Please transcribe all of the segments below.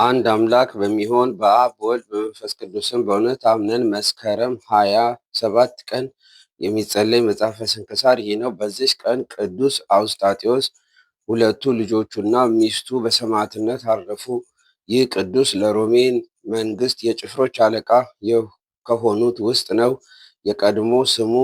አንድ አምላክ በሚሆን በአብ ወልድ በመንፈስ ቅዱስም በእውነት አምነን መስከረም ሀያ ሰባት ቀን የሚጸለይ መጽሐፈ ስንክሳር ይህ ነው። በዚች ቀን ቅዱስ አውስጣቴዎስ ሁለቱ ልጆቹና ሚስቱ በሰማዕትነት አረፉ። ይህ ቅዱስ ለሮሜን መንግስት የጭፍሮች አለቃ ከሆኑት ውስጥ ነው። የቀድሞ ስሙ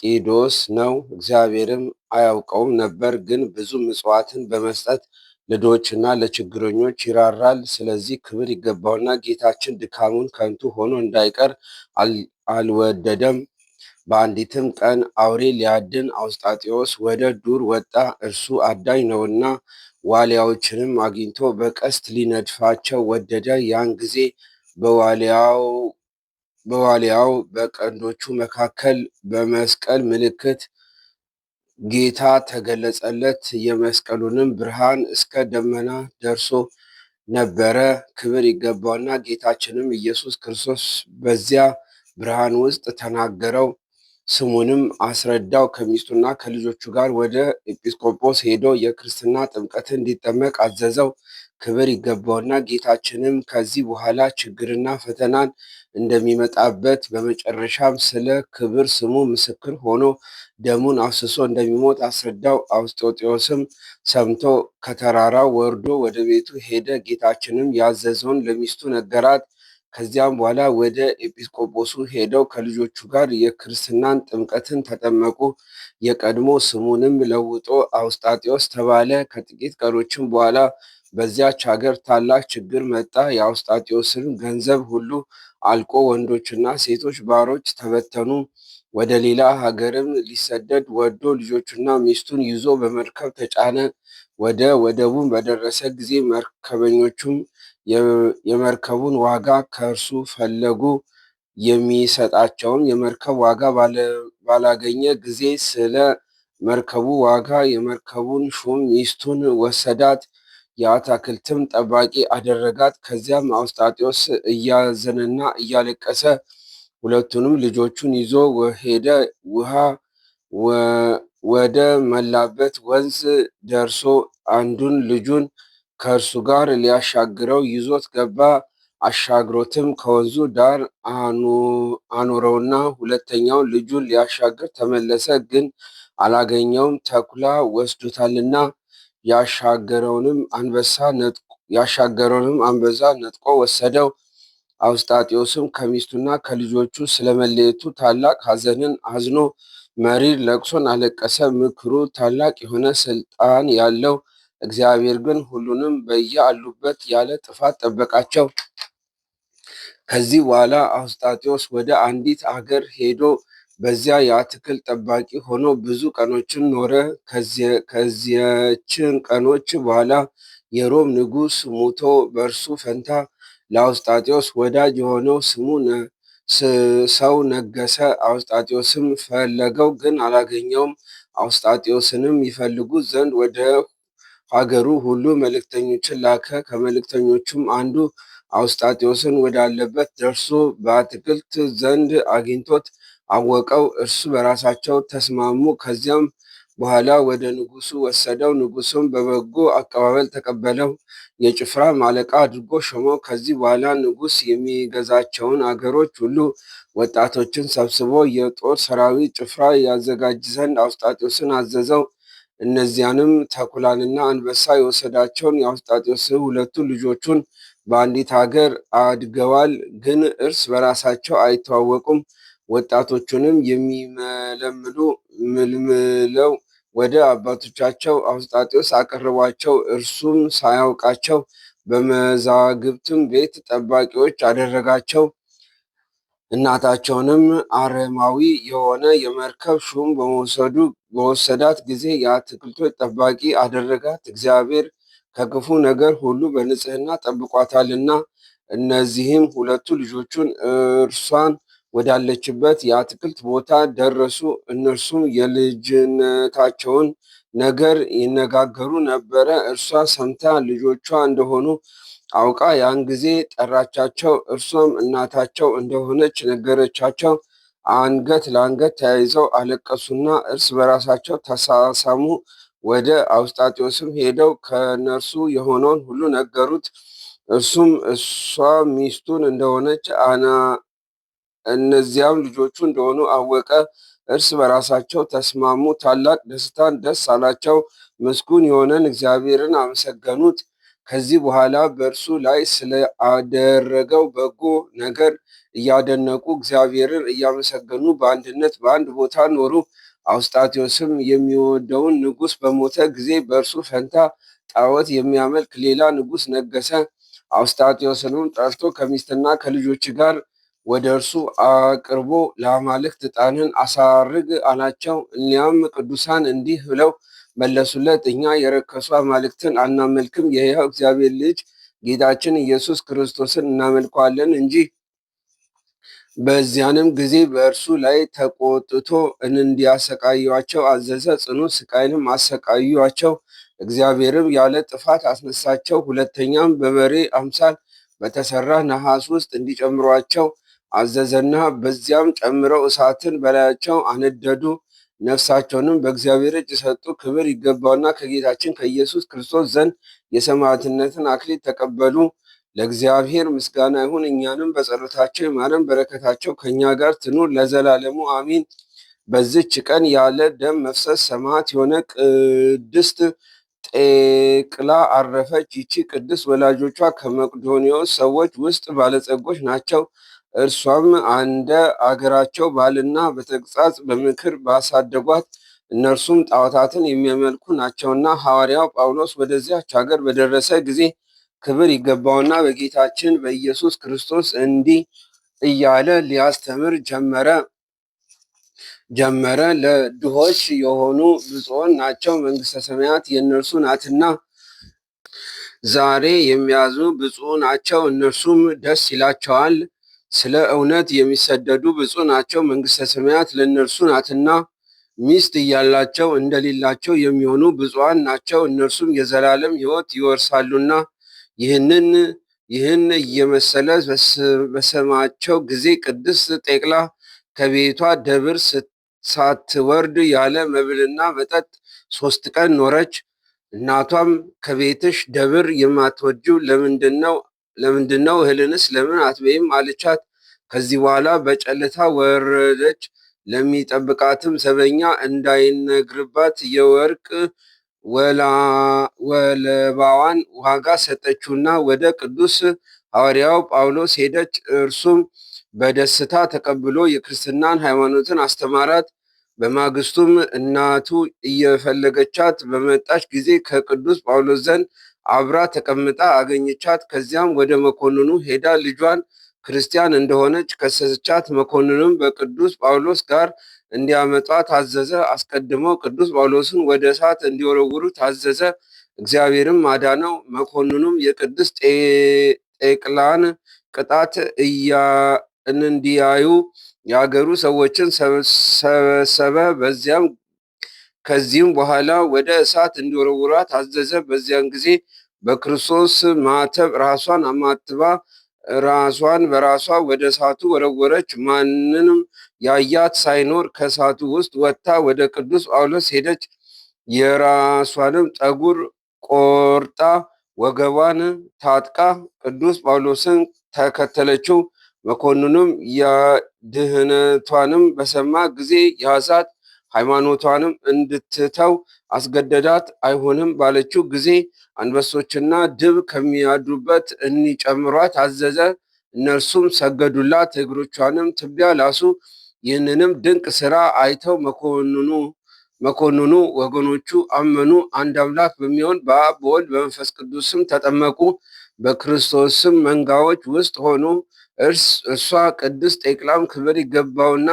ቂዶስ ነው። እግዚአብሔርም አያውቀውም ነበር፣ ግን ብዙ ምጽዋትን በመስጠት ለድሆችና ለችግረኞች ይራራል። ስለዚህ ክብር ይገባውና ጌታችን ድካሙን ከንቱ ሆኖ እንዳይቀር አልወደደም። በአንዲትም ቀን አውሬ ሊያድን አውስጣጤዎስ ወደ ዱር ወጣ። እርሱ አዳኝ ነውና ዋሊያዎችንም አግኝቶ በቀስት ሊነድፋቸው ወደደ። ያን ጊዜ በዋሊያው በቀንዶቹ መካከል በመስቀል ምልክት ጌታ ተገለጸለት፣ የመስቀሉንም ብርሃን እስከ ደመና ደርሶ ነበረ። ክብር ይገባውና ጌታችንም ኢየሱስ ክርስቶስ በዚያ ብርሃን ውስጥ ተናገረው፣ ስሙንም አስረዳው። ከሚስቱና ከልጆቹ ጋር ወደ ኤጲስቆጶስ ሄዶ የክርስትና ጥምቀትን እንዲጠመቅ አዘዘው። ክብር ይገባውና ጌታችንም ከዚህ በኋላ ችግርና ፈተናን እንደሚመጣበት በመጨረሻም ስለ ክብር ስሙ ምስክር ሆኖ ደሙን አፍስሶ እንደሚሞት አስረዳው። አውስጦጤዎስም ሰምቶ ከተራራው ወርዶ ወደ ቤቱ ሄደ። ጌታችንም ያዘዘውን ለሚስቱ ነገራት። ከዚያም በኋላ ወደ ኤጲስቆጶሱ ሄደው ከልጆቹ ጋር የክርስትናን ጥምቀትን ተጠመቁ። የቀድሞ ስሙንም ለውጦ አውስጣጤዎስ ተባለ። ከጥቂት ቀኖችም በኋላ በዚያች ሀገር ታላቅ ችግር መጣ። የአውስጣጢዮስም ገንዘብ ሁሉ አልቆ ወንዶችና ሴቶች ባሮች ተበተኑ። ወደ ሌላ ሀገርም ሊሰደድ ወዶ ልጆቹና ሚስቱን ይዞ በመርከብ ተጫነ። ወደ ወደቡን በደረሰ ጊዜ መርከበኞቹም የመርከቡን ዋጋ ከእርሱ ፈለጉ። የሚሰጣቸውን የመርከብ ዋጋ ባላገኘ ጊዜ ስለ መርከቡ ዋጋ የመርከቡን ሹም ሚስቱን ወሰዳት። የአታክልትም ጠባቂ አደረጋት። ከዚያም አውስጣጢዎስ እያዘነና እያለቀሰ ሁለቱንም ልጆቹን ይዞ ሄደ። ውሃ ወደ መላበት ወንዝ ደርሶ አንዱን ልጁን ከእርሱ ጋር ሊያሻግረው ይዞት ገባ። አሻግሮትም ከወንዙ ዳር አኖረውና ሁለተኛውን ልጁን ሊያሻግር ተመለሰ፣ ግን አላገኘውም፤ ተኩላ ወስዶታልና። ያሻገረውንም አንበሳ ነጥቆ ያሻገረውንም ነጥቆ ወሰደው። አውስጣጤዎስም ከሚስቱና ከልጆቹ ስለመለየቱ ታላቅ ሐዘንን አዝኖ መሪር ለቅሶን አለቀሰ። ምክሩ ታላቅ የሆነ ስልጣን ያለው እግዚአብሔር ግን ሁሉንም በየአሉበት ያለ ጥፋት ጠበቃቸው። ከዚህ በኋላ አውስጣጢዮስ ወደ አንዲት አገር ሄዶ በዚያ የአትክልት ጠባቂ ሆኖ ብዙ ቀኖችን ኖረ። ከዚያችን ቀኖች በኋላ የሮም ንጉሥ ሙቶ በእርሱ ፈንታ ለአውስጣጢዎስ ወዳጅ የሆነው ስሙ ሰው ነገሰ። አውስጣጢዎስም ፈለገው፣ ግን አላገኘውም። አውስጣጢዎስንም ይፈልጉት ዘንድ ወደ ሀገሩ ሁሉ መልእክተኞችን ላከ። ከመልእክተኞቹም አንዱ አውስጣጢዎስን ወዳለበት ደርሶ በአትክልት ዘንድ አግኝቶት አወቀው። እርሱ በራሳቸው ተስማሙ። ከዚያም በኋላ ወደ ንጉሱ ወሰደው። ንጉሱም በበጎ አቀባበል ተቀበለው። የጭፍራ አለቃ አድርጎ ሾመው። ከዚህ በኋላ ንጉስ የሚገዛቸውን አገሮች ሁሉ ወጣቶችን ሰብስቦ የጦር ሰራዊት ጭፍራ ያዘጋጅ ዘንድ አውስጣጢዎስን አዘዘው። እነዚያንም ተኩላንና አንበሳ የወሰዳቸውን የአውስጣጢዎስ ሁለቱ ልጆቹን በአንዲት ሀገር አድገዋል፣ ግን እርስ በራሳቸው አይተዋወቁም። ወጣቶቹንም የሚመለምሉ ምልምለው ወደ አባቶቻቸው አውስጣጤዎስ አቀረቧቸው። እርሱም ሳያውቃቸው በመዛግብትም ቤት ጠባቂዎች አደረጋቸው። እናታቸውንም አረማዊ የሆነ የመርከብ ሹም በመውሰዱ በወሰዳት ጊዜ የአትክልቶች ጠባቂ አደረጋት። እግዚአብሔር ከክፉ ነገር ሁሉ በንጽህና ጠብቋታልና። እነዚህም ሁለቱ ልጆቹን እርሷን ወዳለችበት የአትክልት ቦታ ደረሱ። እነርሱም የልጅነታቸውን ነገር ይነጋገሩ ነበረ። እርሷ ሰምታ ልጆቿ እንደሆኑ አውቃ ያን ጊዜ ጠራቻቸው። እርሷም እናታቸው እንደሆነች ነገረቻቸው። አንገት ለአንገት ተያይዘው አለቀሱና እርስ በራሳቸው ተሳሳሙ። ወደ አውስጣጢዎስም ሄደው ከነርሱ የሆነውን ሁሉ ነገሩት። እርሱም እሷ ሚስቱን እንደሆነች እነዚያም ልጆቹ እንደሆኑ አወቀ። እርስ በራሳቸው ተስማሙ፣ ታላቅ ደስታን ደስ አላቸው። ምስጉን የሆነን እግዚአብሔርን አመሰገኑት። ከዚህ በኋላ በእርሱ ላይ ስለአደረገው በጎ ነገር እያደነቁ እግዚአብሔርን እያመሰገኑ በአንድነት በአንድ ቦታ ኖሩ። አውስጣቴዎስም የሚወደውን ንጉሥ በሞተ ጊዜ በእርሱ ፈንታ ጣዖት የሚያመልክ ሌላ ንጉሥ ነገሰ። አውስጣቴዎስንም ጠርቶ ከሚስትና ከልጆች ጋር ወደ እርሱ አቅርቦ ለአማልክት ዕጣንን አሳርግ አላቸው። እኒያም ቅዱሳን እንዲህ ብለው መለሱለት፣ እኛ የረከሱ አማልክትን አናመልክም፣ የሕያው እግዚአብሔር ልጅ ጌታችን ኢየሱስ ክርስቶስን እናመልከዋለን እንጂ። በዚያንም ጊዜ በእርሱ ላይ ተቆጥቶ እንዲያሰቃዩቸው አዘዘ። ጽኑ ስቃይንም አሰቃዩቸው። እግዚአብሔርም ያለ ጥፋት አስነሳቸው። ሁለተኛም በበሬ አምሳል በተሰራ ነሐስ ውስጥ እንዲጨምሯቸው አዘዘና በዚያም ጨምረው እሳትን በላያቸው አነደዱ። ነፍሳቸውንም በእግዚአብሔር እጅ ሰጡ። ክብር ይገባውና ከጌታችን ከኢየሱስ ክርስቶስ ዘንድ የሰማዕትነትን አክሊል ተቀበሉ። ለእግዚአብሔር ምስጋና ይሁን፣ እኛንም በጸሎታቸው ይማረን፣ በረከታቸው ከእኛ ጋር ትኑር ለዘላለሙ አሚን። በዚች ቀን ያለ ደም መፍሰስ ሰማዕት የሆነ ቅድስት ጤቅላ አረፈች። ይቺ ቅድስት ወላጆቿ ከመቅዶንዮስ ሰዎች ውስጥ ባለጸጎች ናቸው። እርሷም እንደ አገራቸው ባልና በተግሳጽ በምክር ባሳደጓት እነርሱም ጣዖታትን የሚያመልኩ ናቸውና ሐዋርያው ጳውሎስ ወደዚያች ሀገር በደረሰ ጊዜ ክብር ይገባውና በጌታችን በኢየሱስ ክርስቶስ እንዲህ እያለ ሊያስተምር ጀመረ ጀመረ። ለድሆች የሆኑ ብፁዓን ናቸው፣ መንግሥተ ሰማያት የእነርሱ ናትና። ዛሬ የሚያዙ ብፁዕ ናቸው፣ እነርሱም ደስ ይላቸዋል። ስለ እውነት የሚሰደዱ ብፁዕ ናቸው፣ መንግሥተ ሰማያት ለእነርሱ ናትና። ሚስት እያላቸው እንደሌላቸው የሚሆኑ ብፁዓን ናቸው፣ እነርሱም የዘላለም ሕይወት ይወርሳሉና። ይህንን ይህን እየመሰለ በሰማቸው ጊዜ ቅድስት ጤቅላ ከቤቷ ደብር ሳትወርድ ያለ መብልና መጠጥ ሶስት ቀን ኖረች። እናቷም ከቤትሽ ደብር የማትወጁ ለምንድን ነው? ለምንድን ነው እህልንስ ለምን አትቤም አለቻት። ከዚህ በኋላ በጨለታ ወረደች። ለሚጠብቃትም ሰበኛ እንዳይነግርባት የወርቅ ወለባዋን ዋጋ ሰጠችውና ወደ ቅዱስ ሐዋርያው ጳውሎስ ሄደች። እርሱም በደስታ ተቀብሎ የክርስትናን ሃይማኖትን አስተማራት። በማግስቱም እናቱ እየፈለገቻት በመጣች ጊዜ ከቅዱስ ጳውሎስ ዘንድ አብራ ተቀምጣ አገኘቻት። ከዚያም ወደ መኮንኑ ሄዳ ልጇን ክርስቲያን እንደሆነች ከሰሰቻት። መኮንኑም በቅዱስ ጳውሎስ ጋር እንዲያመጧ ታዘዘ። አስቀድመው ቅዱስ ጳውሎስን ወደ እሳት እንዲወረውሩ ታዘዘ። እግዚአብሔርም አዳነው። መኮንኑም የቅዱስ ጤቅላን ቅጣት እንዲያዩ የአገሩ ሰዎችን ሰበሰበ። በዚያም ከዚህም በኋላ ወደ እሳት እንዲወረውራት አዘዘ። በዚያን ጊዜ በክርስቶስ ማተብ ራሷን አማትባ ራሷን በራሷ ወደ እሳቱ ወረወረች። ማንንም ያያት ሳይኖር ከእሳቱ ውስጥ ወጥታ ወደ ቅዱስ ጳውሎስ ሄደች። የራሷንም ጠጉር ቆርጣ ወገቧን ታጥቃ ቅዱስ ጳውሎስን ተከተለችው። መኮንኑም ድህነቷንም በሰማ ጊዜ ያዛት። ሃይማኖቷንም እንድትተው አስገደዳት። አይሆንም ባለችው ጊዜ አንበሶችና ድብ ከሚያድሩበት እንዲጨምሯት አዘዘ። እነርሱም ሰገዱላት፣ እግሮቿንም ትቢያ ላሱ። ይህንንም ድንቅ ስራ አይተው መኮንኑ መኮንኑ ወገኖቹ አመኑ። አንድ አምላክ በሚሆን በአብ በወልድ በመንፈስ ቅዱስም ተጠመቁ። በክርስቶስም መንጋዎች ውስጥ ሆኑ። እርሷ ቅድስት ጤቅላም ክብር ይገባውና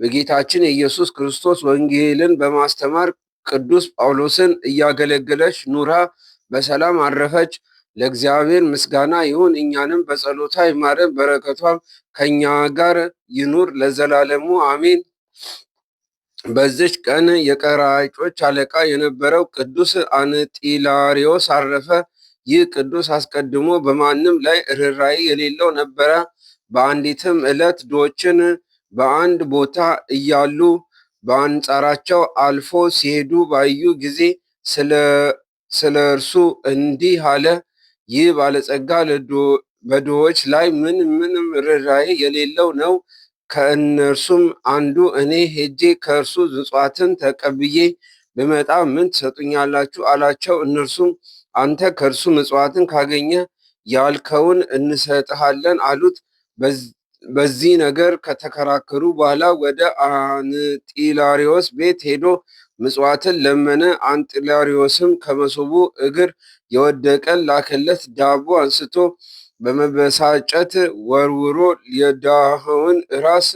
በጌታችን የኢየሱስ ክርስቶስ ወንጌልን በማስተማር ቅዱስ ጳውሎስን እያገለገለች ኑራ በሰላም አረፈች። ለእግዚአብሔር ምስጋና ይሁን፣ እኛንም በጸሎታ ይማረን፣ በረከቷም ከእኛ ጋር ይኑር ለዘላለሙ አሜን። በዚች ቀን የቀራጮች አለቃ የነበረው ቅዱስ አንጢላሪዮስ አረፈ። ይህ ቅዱስ አስቀድሞ በማንም ላይ ርኅራኄ የሌለው ነበረ። በአንዲትም ዕለት ዶችን በአንድ ቦታ እያሉ በአንጻራቸው አልፎ ሲሄዱ ባዩ ጊዜ ስለ እርሱ እንዲህ አለ፣ ይህ ባለጸጋ በድሆች ላይ ምን ምንም ርኅራኄ የሌለው ነው። ከእነርሱም አንዱ እኔ ሄጄ ከእርሱ ምጽዋትን ተቀብዬ ብመጣ ምን ትሰጡኛላችሁ? አላቸው። እነርሱም አንተ ከእርሱ ምጽዋትን ካገኘ ያልከውን እንሰጥሃለን አሉት። በዚህ ነገር ከተከራከሩ በኋላ ወደ አንጢላሪዎስ ቤት ሄዶ ምጽዋትን ለመነ። አንጢላሪዎስም ከመሶቡ እግር የወደቀን ላከለት። ዳቦ አንስቶ በመበሳጨት ወርውሮ የዳሃውን ራስ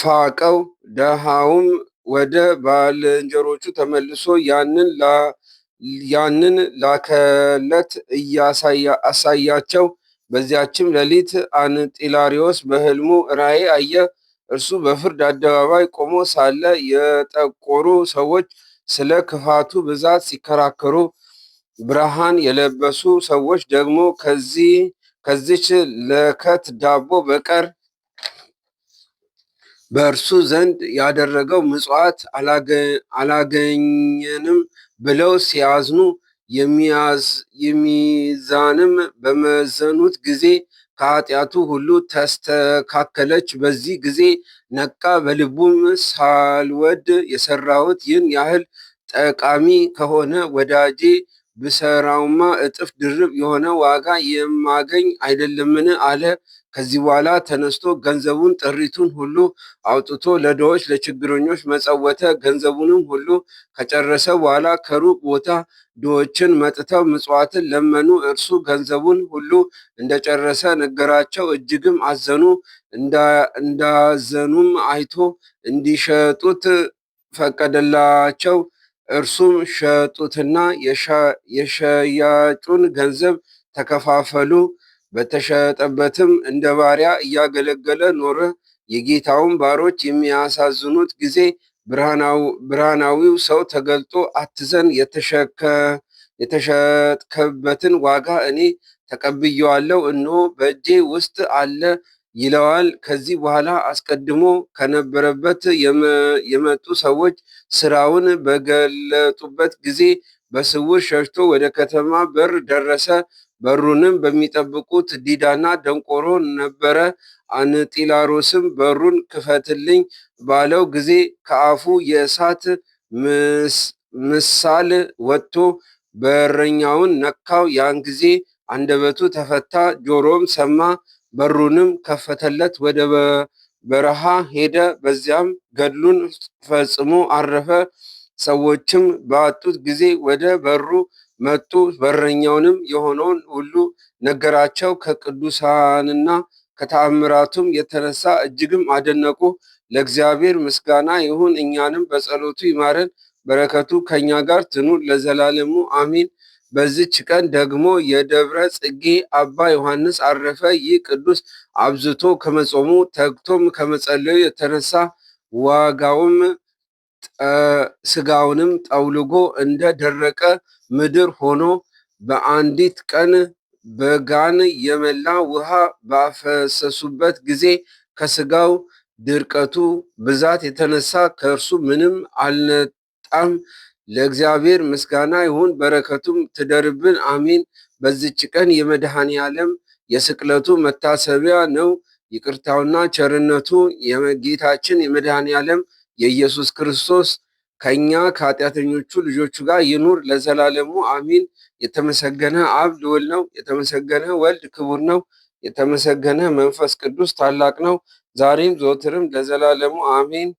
ፋቀው። ዳሃውም ወደ ባልንጀሮቹ ተመልሶ ያንን ያንን ላከለት አሳያቸው። በዚያችም ሌሊት አንጢላሪዎስ በህልሙ ራእይ አየ። እርሱ በፍርድ አደባባይ ቆሞ ሳለ የጠቆሩ ሰዎች ስለ ክፋቱ ብዛት ሲከራከሩ፣ ብርሃን የለበሱ ሰዎች ደግሞ ከዚች ለከት ዳቦ በቀር በእርሱ ዘንድ ያደረገው ምጽዋት አላገኘንም ብለው ሲያዝኑ የሚዛንም በመዘኑት ጊዜ ከኃጢአቱ ሁሉ ተስተካከለች። በዚህ ጊዜ ነቃ፣ በልቡም ሳልወድ የሰራሁት ይህን ያህል ጠቃሚ ከሆነ ወዳጄ ብሰራውማ እጥፍ ድርብ የሆነ ዋጋ የማገኝ አይደለምን? አለ። ከዚህ በኋላ ተነስቶ ገንዘቡን ጥሪቱን ሁሉ አውጥቶ ለድሆች ለችግረኞች መጸወተ። ገንዘቡንም ሁሉ ከጨረሰ በኋላ ከሩቅ ቦታ ድሆችን መጥተው ምጽዋትን ለመኑ። እርሱ ገንዘቡን ሁሉ እንደጨረሰ ነገራቸው። እጅግም አዘኑ። እንዳዘኑም አይቶ እንዲሸጡት ፈቀደላቸው። እርሱም ሸጡትና የሸያጩን ገንዘብ ተከፋፈሉ። በተሸጠበትም እንደ ባሪያ እያገለገለ ኖረ። የጌታውን ባሮች የሚያሳዝኑት ጊዜ ብርሃናዊው ሰው ተገልጦ አትዘን፣ የተሸጥከበትን ዋጋ እኔ ተቀብየዋለሁ፣ እነሆ በእጄ ውስጥ አለ ይለዋል። ከዚህ በኋላ አስቀድሞ ከነበረበት የመጡ ሰዎች ስራውን በገለጡበት ጊዜ በስውር ሸሽቶ ወደ ከተማ በር ደረሰ። በሩንም በሚጠብቁት ዲዳና ደንቆሮ ነበረ። አንጢላሮስም በሩን ክፈትልኝ ባለው ጊዜ ከአፉ የእሳት ምሳል ወጥቶ በረኛውን ነካው። ያን ጊዜ አንደበቱ ተፈታ፣ ጆሮም ሰማ። በሩንም ከፈተለት፣ ወደ በረሃ ሄደ። በዚያም ገድሉን ፈጽሞ አረፈ። ሰዎችም ባጡት ጊዜ ወደ በሩ መጡ። በረኛውንም የሆነውን ሁሉ ነገራቸው። ከቅዱሳንና ከተአምራቱም የተነሳ እጅግም አደነቁ። ለእግዚአብሔር ምስጋና ይሁን፣ እኛንም በጸሎቱ ይማረን፣ በረከቱ ከእኛ ጋር ትኑር ለዘላለሙ አሚን። በዚች ቀን ደግሞ የደብረ ጽጌ አባ ዮሐንስ አረፈ። ይህ ቅዱስ አብዝቶ ከመጾሙ ተግቶም ከመጸለዩ የተነሳ ዋጋውም ስጋውንም ጠውልጎ እንደ ደረቀ ምድር ሆኖ በአንዲት ቀን በጋን የመላ ውሃ ባፈሰሱበት ጊዜ ከስጋው ድርቀቱ ብዛት የተነሳ ከእርሱ ምንም አልነጣም። ለእግዚአብሔር ምስጋና ይሁን፣ በረከቱም ትደርብን አሚን በዚች ቀን የመድኃኔ ዓለም የስቅለቱ መታሰቢያ ነው። ይቅርታውና ቸርነቱ የጌታችን የመድኃኔ ዓለም የኢየሱስ ክርስቶስ ከኛ ከኃጢአተኞቹ ልጆቹ ጋር ይኑር ለዘላለሙ አሚን። የተመሰገነ አብ ልዑል ነው። የተመሰገነ ወልድ ክቡር ነው። የተመሰገነ መንፈስ ቅዱስ ታላቅ ነው። ዛሬም ዘወትርም ለዘላለሙ አሚን።